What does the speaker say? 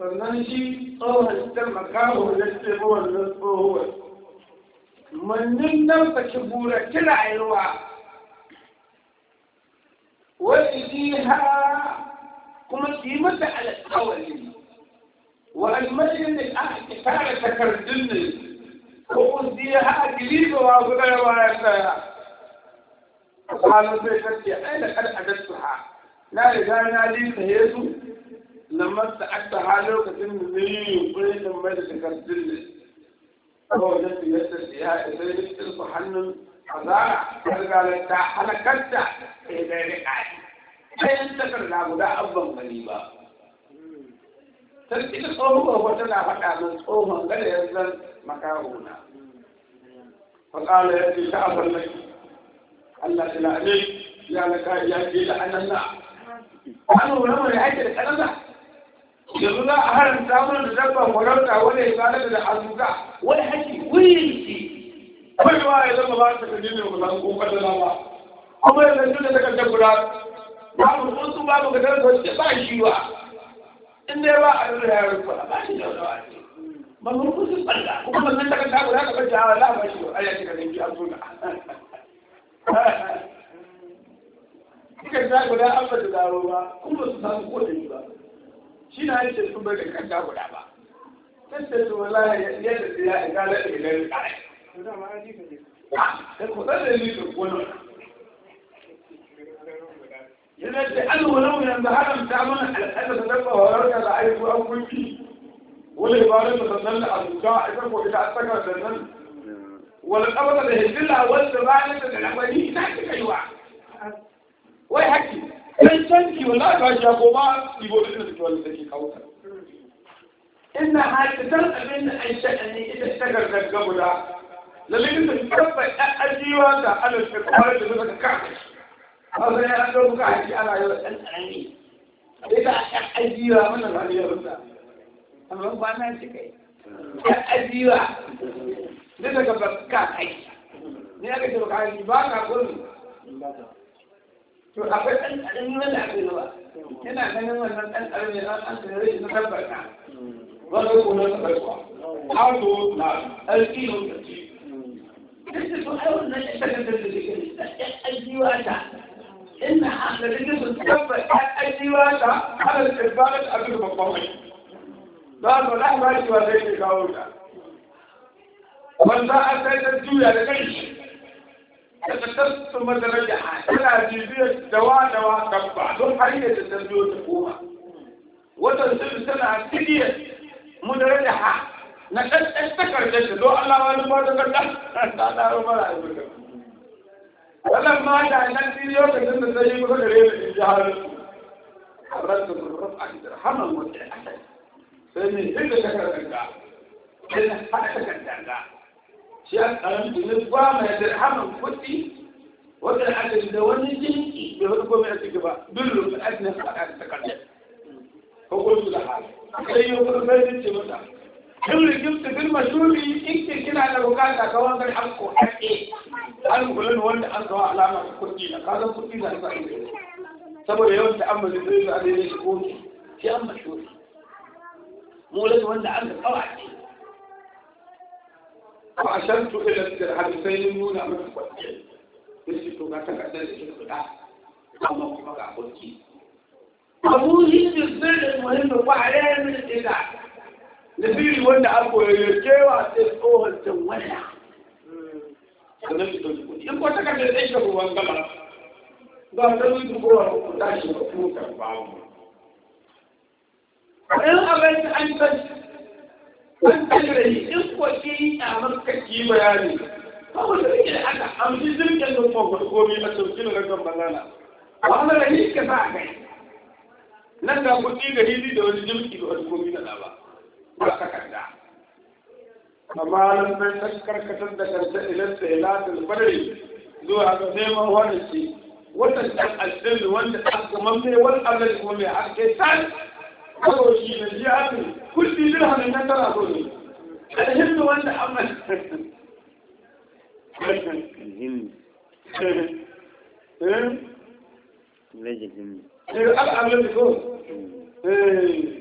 sannan shi tsohon ta makaho na ce wannan tsohuwar mannin nan ba ki buraci rayuwa wani jiha kuma ki mata alƙawari wa almashin da aka tara takardun ne ko jiha giliba wa gudarwa ya tsaya a kwanan zai kace ai da kada a dasu ha na riga na lisa yesu lamar ta adda lokacin da zai yi yunkurin da mai da takardun ne kawai da yadda da ya isa yi rikin su hannun azara gargalar ta halakarta ta yi zai rika ɗayan takarda guda abban gani ba sarki da tsohon wata na faɗa min tsohon gada ya zan makaruna faƙala ya ce ta abin mai Allah ta la'ani ya laka ya ce la'anan na. Ano, wani ake da ƙanana? yanzu za a haramta mana da dabban farauta wani ya da azuka wani haƙƙi wurin shi kawai ma ya zama ba ta kaji ne ba ko kwallala ba kuma ya zanci da takardar guda ba mu tsuntsu ba mu ga dan sosai ba shi ba in dai ba a rura yaro ko ba shi da wani ba mu kusa balla kuma wannan takarda guda ka bace hawa la ba shi ba ya ce ka danki azuka Kika ta guda an ba ta dawo ba, kuma su samu ko da ba. shi na yace sun bai da kanta guda ba sai su wallahi yadda su ya ga da ilal kai da ma ji ka ne da ko da ne ko kono yana ce an walau yan da haram ta mana al'ada da dabba horar da aiku an gunki wala ibarar da sannan abuka ita ko ita asaka sannan wal qabla da hillala wal zabana da lamari ina kika yiwa in canji ba za ka shi ko ba ribobin da suke wanda take kawo ina hakitar abin da an ne ita ta gargaga guda lalibin da tabba ɗan ajiyewa da ana shi kwarar da suka kaka a zai an ɗau ka haji ala yau ɗan tsanani ita ɗan ajiyewa mana ba ne yau da amma ba na shi kai ɗan ajiyewa da daga ba ka kai Ni aka ce ba ka haji ba ka gurin to akwai ɗan yi wanda ake yi yana ganin wannan ɗan ɗan na tabbata ko na tabbata na ɗarki na wutarci duk da su da shi ɗan ta ina da sun tabbata ta ana da babban wani ba ba shi zai ke kawo ta wanda a sai ta juya da kai da ta tattuma daraja tana bibiyar dawa dawa dabba don har yi da ta biyo ta koma watan sun tana sidiyar mu daraja ha na ɗanɗan takardar ta don Allah wani ba da ɗanɗan ta ɗaro mara a zuka wannan ma da nan bidiyo da sun da yi kusa da rebe da jihar harar da rufa a jihar hamar wata sai ne hidda takardar ta hidda takardar ta شان أنا بقول ما يترحم فتي وكان حتى الدواني جنكي بيقول قوم يأتيك بقى دلوا بأدنى فقال تقدم فقلت لها أي يقول بيت جمتا كل جبت في المشروع يكتب كده على وكالة كوان كان حقه حق إيه أنا بقول إنه وين أنتوا علامة كنتي لك هذا كنتي لك saboda yawan ta'ammali zai zuwa daidai shi ko shi an mashuri mu wanda an da kawace ko a shantu ilan da hadisai nuna mata kwanciyar da shi to ga takardar da shi guda amma kuma ga kwanci abu yi da sirrin muhimmi ba a yi min ila da wanda an koyayyo kewa sai tsohon can waya sannan shi to shi in ko takardar da shi ruwan gama ba ta yi ko tashi ba kuma kan babu in abin an tashi an tattare in ko ke yi a kyamar kake bayani saboda rike da aka amshi zirgin nan ko gobe a sauki na rakan banana wani ni ka sa kai nan ga kuɗi ga hili da wani jirgi da wani gobe na ba ba takarda amma nan nan ta karkatar da kanta ilan da ilatul badri zuwa ga neman wani ce wannan dan aljanna wanda aka mamme wal azali kuma mai hakke san ko shi ne ji abin كل درهم إنك ترى الهند ولا حمل الهند ايه ليش الهند ايه العب ايه